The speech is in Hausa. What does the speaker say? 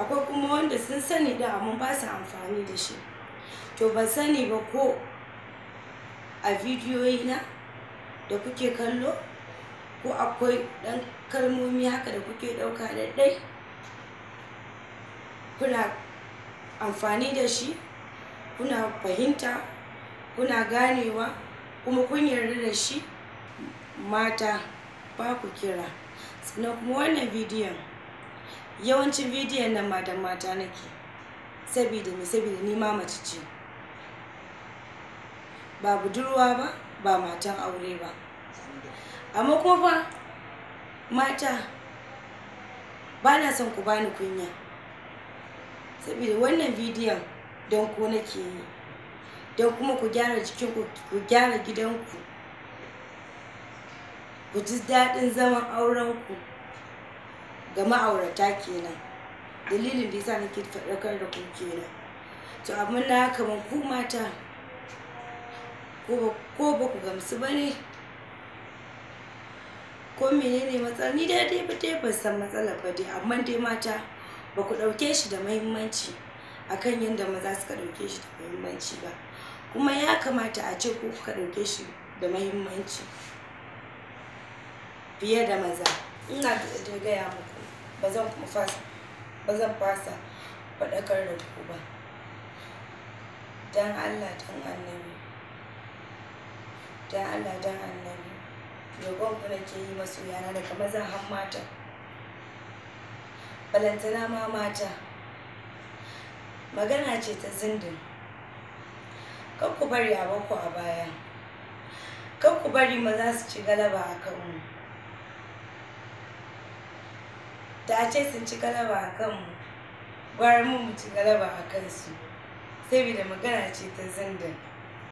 akwai kuma wanda sun sani da amma ba su amfani da shi to ban sani ba ko a bidiyoyi na da kuke kallo ko akwai ɗan kalmomi haka da kuke ɗauka da ɗai kuna amfani da shi kuna fahimta kuna ganewa kuma kun yarda da shi mata ba ku kira sannan kuma wannan bidiyon yawancin bidiyon nan matan mata nake saboda me saboda ni ma mace ce ba budurwa ba ba matan aure ba amma kuma fa mata ba na son ku bani kunya saboda wannan bidiyon don ko nake yi don kuma ku gyara jikinku ku gyara gidanku ku ji daɗin zaman aurenku ga ma'aurata kenan dalilin da yasa nake faɗakar da ku kenan to abin na kamar ku mata ko ba ku gamsu ba ne ko menene matsala ni dai dai dai ban san matsala ba dai amma dai mata ba ku ɗauke shi da muhimmanci akan yadda maza suka ɗauke shi da muhimmanci ba kuma ya kamata a ce ku kuka ɗauke shi da muhimmanci fiye da maza ina da gaya muku ba zan kuma fasa ba zan fasa faɗakar da ku ba dan Allah dan annabi dan Allah dan annabi roƙon ku nake yi masoyana daga mazan har mata balantana ma mata magana ce ta zindin Kan ku bari a a baya Kan ku bari maza su ci galaba a kanmu da ce sun ci galaba a kanmu gwara mu mu ci galaba a kansu saboda magana ce ta zanda.